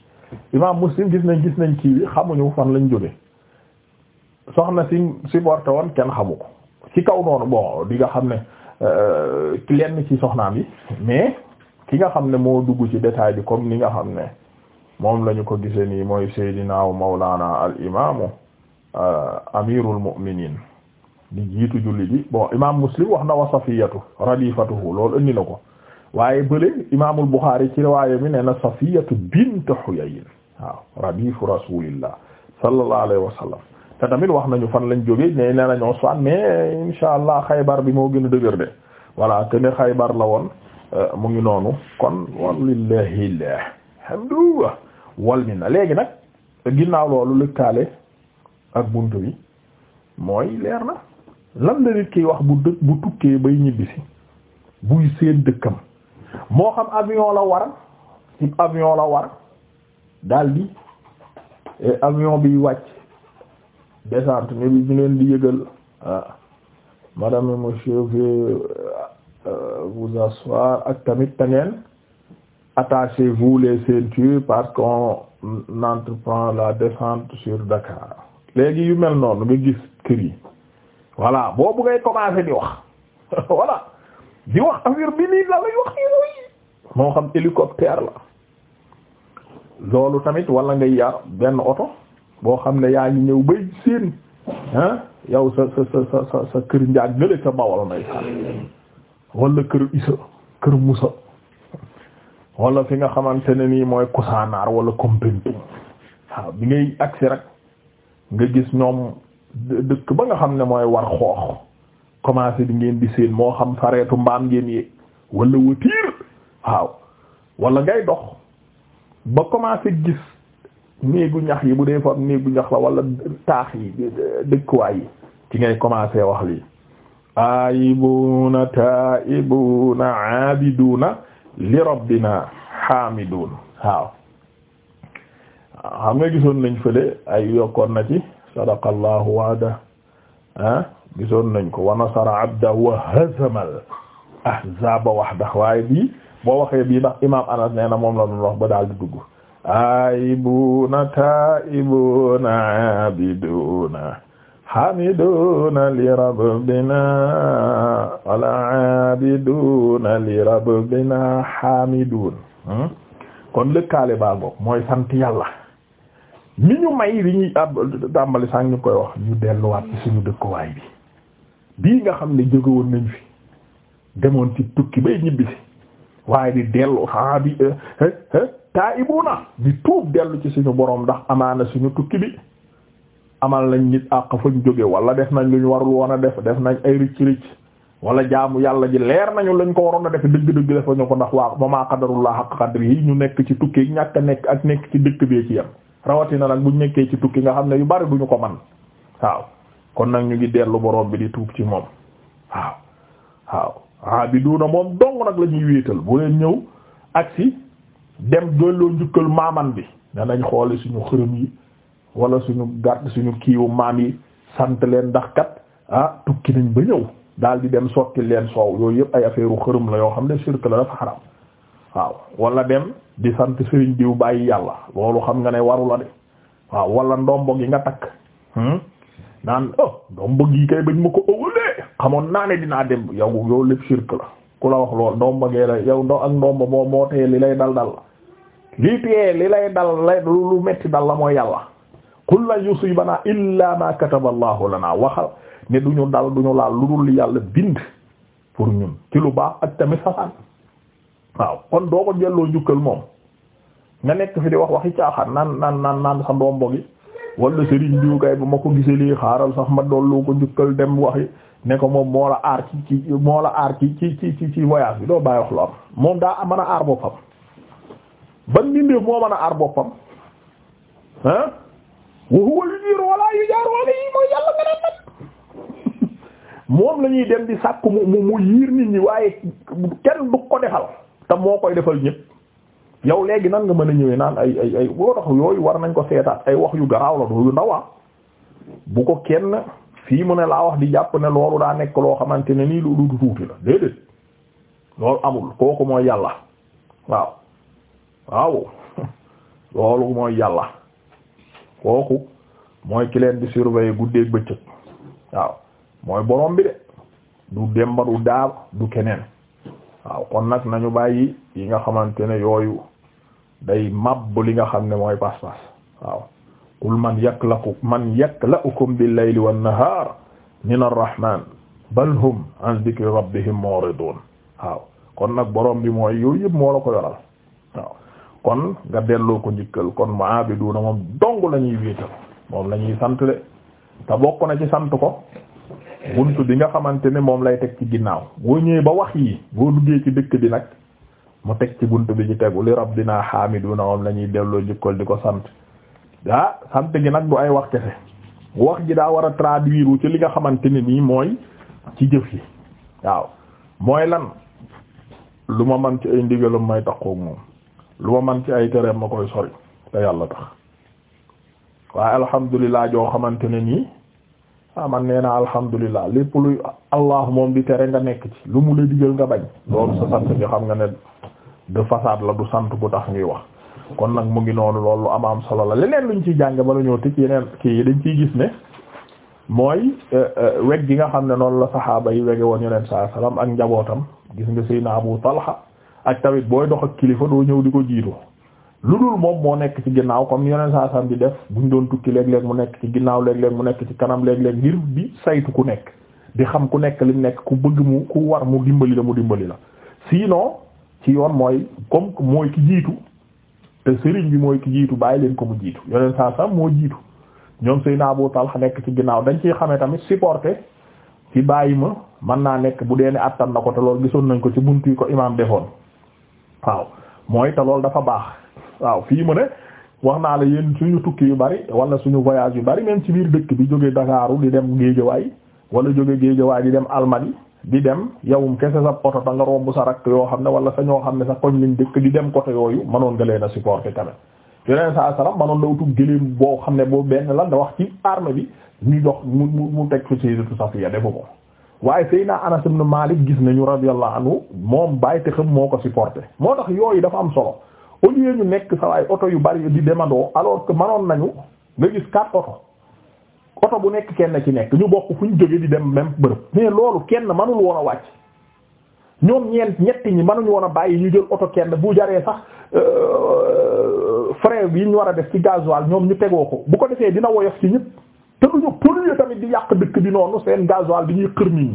imaam Muslim gis nañ gis nañ ci xamuñu fan lañ jóge soxna si si borte woon kenn xamu ko ci kaw noonu bon di nga xam ne euh, lenn ci soxnaam yi mais ki nga xam ne moo dugg ci détail bi comme ni nga xam ne moom lañu ko gise nii mooy Seydina wa Mawlana al imaamu euh, amirul mu'minin di jiitu julli ji imaam Muslim wax na wa safiyatu radifatuhu loolu indi na ko waaye bële imaamul Bukhari ci riwaaya mi ne na safiyatu bint Huyayin waaw radifu rasulillah sallallahu alayhi te tamit wax nañu fan lañ jógee ne ne nañ Usfaan mais insha allah xaybar bi moo gën a dëgër de voilà te ne xaybar la woon euh, mu ngi noonu kon walillahi wal na léegi nag ginnaaw loolu lëkkaale ak bunt bi mooy leer na lan kiy wax bu dëkk bu tukkee bay ñibbisi buy seen dëkkam moo xam avion la war ci avion la war daldi e, avion bi wàcc descente ñu bi ñu leen di yëgal ah madame et monsieur euh, ak tamit ta attachez-vous les ceintures parce qu'on entreprend la descente sur Dakar léegi yu mel noonu nga gis kër yi voilà boobu ngay commencer di wax voilà di wax affaire bi nii la lay wax yi moo xam hélicoptère la loolu tamit walla ngay yar benn oto boo xam ne yaa ngi ñëw bay seen ah yow sa sa sa sa sa kër njaag gële sa bawal nay saan wala kër Isa kër Musa wala fi nga xamante ne nii mooy Kousanaar wala Koumpentoum waaw bi ngay agsi rek nga gis ñoom dëkk ba nga xam ne mooy war xoox commencé di ngeen di séen moo xam sareetu mbaam ngeen yéeg wala watiir waaw wala ngay dox ba commencé gis néegu ñax yi bu dee fa am néegu ñax la wala taax yi dëkkuwaay yi ci ngay commencé wax lii ayibuuna taibuna na li rabbina xaamidun waaw xam nga gisoon nañ fële ay yokkoon na ci sadaqallahu waada ah gisoon nañ ko wa nasara abdahu wa hazamal ahzaba wahda waaye bii boo waxee bii ndax imam anas nee na moom la doon wax ba daal di dugg aibuna taibuna abiduna hamiduna li rabbina wala abiduna li rabbina hamidun hmm? kon lëkkaale baa ngoog mooy sant yàlla mi ñu may li ñuy ab dàmbali sànq koy wax ñu delluwaat suñu dëkkuwaay bi bii nga xam ne jóge nañ fi demoon ci tukki bay ñibbisi waaye di dellu xaa ah, bi eh, eh, eh, taa ibuna di tuub dellu ci suñu boroom ndax amaana suñu tukki bi amal nañ nit àq ñu jógee wala def nañ lu ñu warul woon a def def nañ ay ricc ricc wala jaamu yàlla ji leer nañu lañ ko waroon a def dëgg-dëgg defa ñu ko ndax waa mama qadarullah haqq qadri yi ñu nekk ci tukki ñàkk a nekk ak nekk ci dëkk bi ci yam rawatina nag buñ nekkee ci tukki nga xam ne yu bari duñu ko man waaw kon nag ñu ngi dellu boroom bi di tuub ci moom waaw waaw ah na moom dong nag la ñuy wéetal bu leen ñëw ak si dem dolloo njukkal maaman bi danañ xoole suñu xërëm yi wala suñu gàtt suñu kiiwu maam yi sant leen ndax kat ah tukki nañ ba ñëw daal di dem sotti leen soow yooyu yëpp ay affaire u xërëm la yoo xam ne sirk la dafa xaram waaw wala dem di sant sëriñ diw bàyyi yàlla loolu xam nga ne warula la de waaw wala ndombo gi nga takk hmm? naan oh ndombo xamoon naa ne dinaa dem yow yow lépp sirk la ku la wax lool ndombo gee la yow ndo ak ndombo moo moo li lay dal dal li teye li lay dal lay lu metti dal la mooy yàlla qul lan yusiibanaa illaa maa kataba allahu lanaa waxal ne du dal du laal lu dul yàlla bind pour ñun ci lu baax ak tamit xasaan waaw kon doo ko jelloo njukkal moom nga nekk fi di wax waxi caaxaan naan naan sa ndombo gi wala Serigne Diouf kay ma ko gisee lii xaaral sax ma dollu ko njukkal dem waxi ne ko moom moo la aar ci ci moo la aar ci ci ci bi doo bàyyi wax lu am moom daa mën a aar boppam ban mbindeef moo mën a aar boppam ah. wa huwa yujiiru wa laa yujaaru alayhi mooy yàlla nga daan moom la dem di sàkk mu mu yiir nit ñi waaye kenn du ko defal te moo koy defal ñëpp yow léegi nan nga mën a ñëwee naan ay ay ay boo tax yooyu war nañ ko seetaat ay wax yu garaaw la du yu ndaw bu ko kenn fii mu ne laa wax di jàpp ne loolu daa nekk loo xamante ne nii lu du tuuti la déedéet loolu amul kooku mooy yàlla waaw waaw loolu mooy yàlla kooku mooy ki leen di surveiller guddeeg waaw mooy borom bi de du demba du daal du keneen waaw kon nag nañu bàyyi yi nga xamante ne yooyu day màbb li nga xam ne mooy pas-pas waaw qul man yaklaku man yaklaukum bil layli wan nahar min arrahman bal hum an rabbihim muridun waaw kon nag borom bi mooy yooyu yëpp moo ko yoral waaw kon nga delloo ko njëkkal kon mu abiduna moom dong la wéetal moom la ñuy sant le te bokk na ci sant ko bunt bi nga xamante ne moom lay teg ci ginnaaw boo ñëwee ba wax yi ci dëkk bi nag mu teg ci buntu bi ci tegu li rabbina hamiduna moom la ñuy delloo njikkal di ko sant ah sant gi nag du ay wax kese wax ji daa war a traduire wu ci li nga xamante ne nii mooy ci jëf yi waaw mooy lan lu ma man ci ay ndigalam may taxaw moom. lu ma man ci ay tereem ma koy sori te yàlla tax waaye alhamdulilah joo xamante ne nii ah man nee naa alhamdulilah lépp luy allah moom di tere nga nekk ci lu mu la digal nga bañ loolu sa sant bi xam nga ne de façade la du sant bu tax ñuy wax kon nag mu ngi noonu loolu am am solo la leneen luñ ciy jànge ba la ñëw yeneen kii yi dañ ciy gis ne mooy eh, eh, weg gi nga xam ne noonu la saxaaba yi wege woon yeneen saa salaam ak njabootam gis nga Seydina ak tawit booy dox ak kilifa doo ñëw di ko jiitu lu dul moom moo nekk ci ginnaaw comme yeneen saa sam di def buñ doon tukki léeg-léeg mu nekk ci ginnaaw léeg-léeg mu nekk ci kanam léeg-léeg ngir di saytu ku nekk di xam ku nekk li nekk ku bëgg mu ku war mu dimbali la mu dimbali la sinon ci yoon mooy comme mooy ki jiitu te sëriñ bi mooy ki jiitu bàyyi leen ko mu jiitu yeneen saa sam moo jiitu ñoom Seydina Abu Talha nekk ci ginnaaw dañ ciy xamee tamit supporter bàyyi ma mën naa nekk bu dee ne attan na ko te gisoon nañ ko ci buntu yi ko imaam defoon. waaw mooy te loolu dafa baax waaw fii mu ne wax naa la yéen suñu tukki yu bari wala suñu voyage yu bari même ci biir dëkk bi jóge Dakaaru di dem Géejawaay wala jóge Géejawaay di dem Almadi di dem yawum kese sa oto da nga romb sa rakk yoo xam ne wala sa ñoo xam ne sa koñ liñ dëkk di dem côté yooyu mënoon nga leen a supporter tamit yeneen saa salaam mënoon la utub gëléem boo xam ne boo benn lan da wax ci arme bi ñu jox mu mu mu teg ci Safiya defu ko waaye Seydina Anas ibn Malik gis nañu radiyallahu anhu moom bàyyi te xam moo ko supporté moo tax yooyu dafa am solo au lieu ñu nekk sa waay oto yu bari di demandoo alors que manoon nañu nga gis quatre oto oto bu nekk kenn ci nekk ñu bokk fu ñu jógee di dem même bërëb mais loolu kenn manul woon a wàcc ñoom ñeent ñetti ñi manuñu woon a bàyyi ñu jël oto kenn bu jaree sax euh, frais yi ñu war a def ci gasoil ñoom ñu tegoo ko bu ko defee dina woyof ci ñëpp te duñu polluer tamit di yàq dëkk bi noonu seen gasoil bi ñuy xër ñi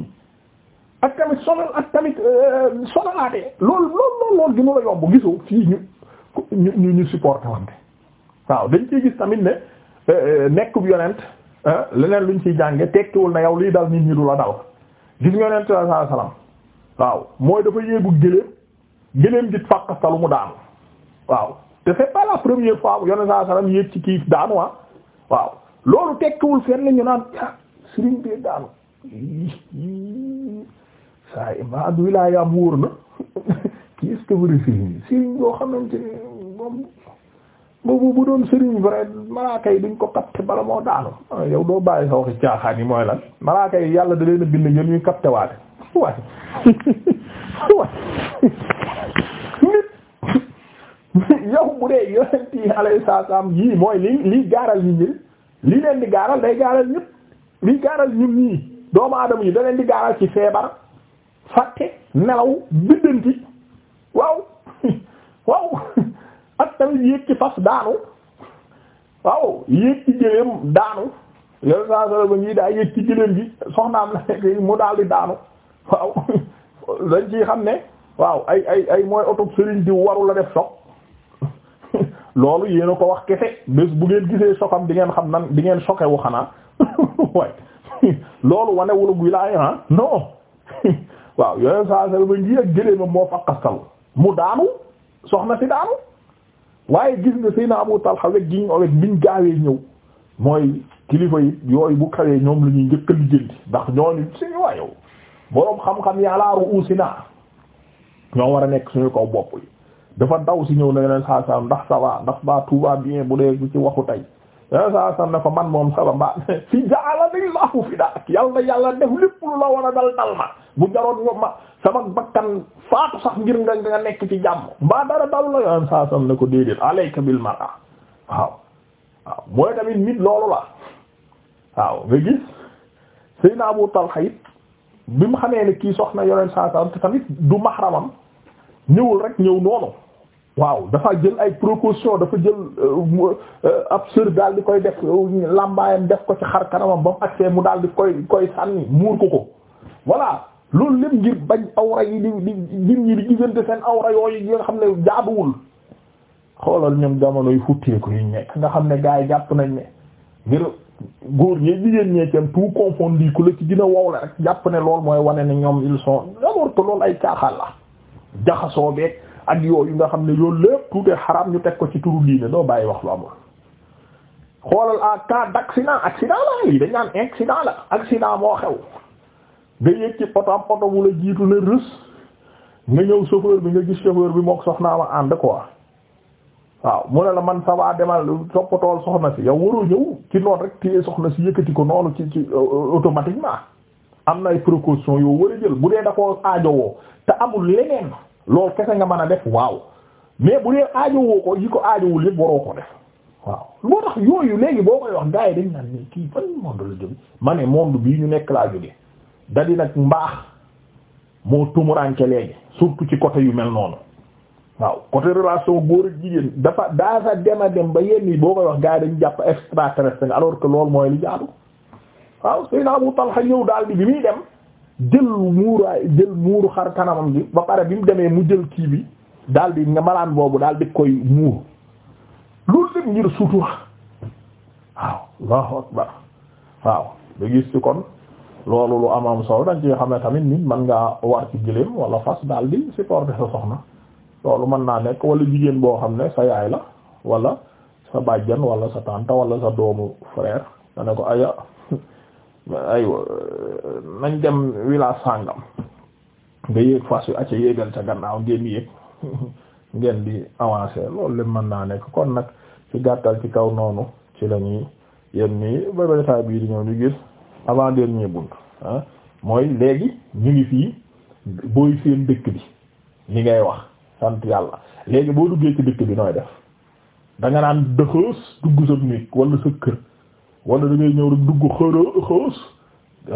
ak tamit sonal ak tamit euh, sonalaatee loolu loolu loolu gënu yomb gisoo fii ñu ñu ñu supporté wante waaw dañ ciy gis tamit ne euh, euh, nekk yonent leneen luñ ciy jànge tekkiwul na yow liy dal nit ñi du la dal gis nga yonent sallallahu waaw mooy dafa yéegu gëléem gëléem gi fàqastalu mu daanu waaw te c'est pas la première fois yonent sallallahu yéeg ci kii daanu ah waaw loolu tekkiwul fenn ñu naan ah sëriñ bi daanu saa yi maa du wilaayam wóor na kii est-ce que vrai boobu bu doon sëriñ vrai malaaka duñ ko capter bala moo daanu ah, yow doo bàyyi sa waxi caaxaan yi mooy lan malaaka yàlla da leen a bind ñoom ñuy capter waate waaye waaye nit yow bu dee yonent yi alayhi yii mooy li li gaaral yi ñi li leen di gaaral day gaaral ñëpp liy gaaral ñun ñii doomu aadama yi da leen di gaaral ci feebar fàtte nelaw biddanti waaw waaw ak tamit yéeg ci fas daanu waaw yéeg ci gëléem daanu yow saa solo ba ñii daa yéeg ci gëléem gi soxnaam na mu daal daanu waaw dañ ciy xam ne waaw ay ay ay mooy oto sëriñ di waru def sox loolu yéen a ko wax kese bu ngeen gisee sokam bi ngeen xam nan di ngeen soke wu xanaa waaye loolu guy wilaaya ah non waaw yooyu saa saa ba ngi ak gëléema moo fa xasal mu daanu soxna si daanu waaye gis nga sëy na Abu Talha wet gi ñu wet biñ gaawee ñëw mooy kilifa yi yooyu bu kawee ñoom la ñuy njëkk a lijjanti ndax ñooñu suñu waa yow boroom xam-xam yàllaaru uusi naa ñoo war a nekk suñu kaw bopp yi dafa daw si ñëw ne yeneen saa saa ndax ça ndax ba tout bien bu dee ci waxu tey yeneen saa saa ne ko man moom ça va mbaa fi jaala ni laahu fi def lépp lu la war a dal dal ma bu jaroon ñoom ma sama bakkan faatu sax ngir nga nga nekk ci jàmm mbaa dara dal la yeneen saa saa ne ko déedéet alayka bil mara waaw waaw mooy tamit nit loolu la waaw nga gis Seydina Abu Talha it bi mu xamee ne kii soxna yeneen saa saa te tamit du mahramam ñëwul rek ñëw noonu waaw dafa jël ay proposition dafa jël euh, euh, ab absurde daal di koy def euh, làmbaayam def ko ci xar kanamam ba mu agsee mu daal di koy koy sànni muur ko ko voilà loolu lépp ngir bañ awra yi di di ngir ñi di gisante seen awra yooyu yi nga xam ne jaaduwul xoolal ñoom jamono yu futteeku yu nekk nga xam ne gars yi jàpp nañ ne ngir góor ñee jigéen ñee kenn tout confondu ku la ci gën a wow la rek jàpp ne loolu mooy wane ne ñoom ils sont d'abord ay caaxaan la jaxasoo beeg ak yooyu nga xam ne loolu lépp tuutee xaraam ñu teg ko ci turu diine doo bàyyi wax lu amul xoolal à cas d'accident accident la lii dañ naan accident la accident moo xew nga yëg ci poto am la jiitu ne rës nga ñëw chauffeur bi nga gis chauffeur bi mook soxnaama ànd quoi waaw mu ne la man sa waa demal toppatool soxna si yow waroo ñëw ci noonu rek téye soxna si yëkkati ko noonu ci ci euh, euh, automatiquement am na ay précaution yoo war a jël bu dee da koo woo te amul leneen loolu kese nga mën a def waaw mais bu dee aajowoo ko yi ko aajowul yëpp waroo ko def waaw moo tax yooyu léegi boo koy wax gars dañ kii fan monde la jóge ma ne bii ñu nekk laa jóge da nag mbaax moo tumuranke léegi surtout ci côté yu mel noonu waaw côté relation góor ak jigéen dafa daa sa dem dem ba yenn yi boo koy wax gars yi dañ jàpp extraterrestre nga alors que loolu mooy li jaadu waaw Seydina Abu Talha ñëw daal bi bi muy dem jël muuraay jël muuru xar kanamam bi ba pare bi mu demee mu jël kii bi daal di nga malaan boobu daal di koy muur loolu lépp ngir sutura waaw Allahu waaw da gis ci kon loolu lu am am solo dañ ci xam ne tamit nit mën ngaa war ci gëléem wala fas daal di supporter sa soxna loolu mën naa nekk wala jigéen boo xam ne sa yaay la wala sa bàjjan wala sa tante wala sa doomu frère da ne ko aya ay aywa nañ dem village sàngam nga yéeg fas yu acca yéegal ca gannaaw ngeen yéeg ngeen di avancer loolu lépp mën naa nekk kon nag ci gàttal ci kaw noonu ci la ñuy yem nii ba ba bii di ñëw ñu gis avant dernier bunt ah, mooy léegi ñu ngi fii booy seen dëkk bi ni ngay wax sant yàlla léegi boo duggee ci dëkk bi nooy def da nga naan dëxës dugg sa néeg wala sa kër. wala da ngay ñëw rek dugg xëra xëus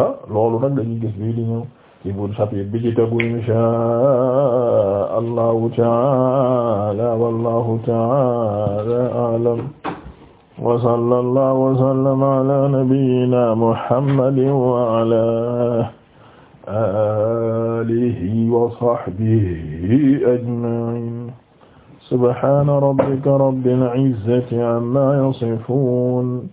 ah loolu nag dañuy gis bii di ñëw ci bun chapitre bi ci tegu inshaa allahu taala wallahu taala aalam wa sallallahu wa sallama ala nabiyyina muhammadin wa ala alihi wa sahbihi ajma'in subhana rabbika rabbil izzati amma yasifun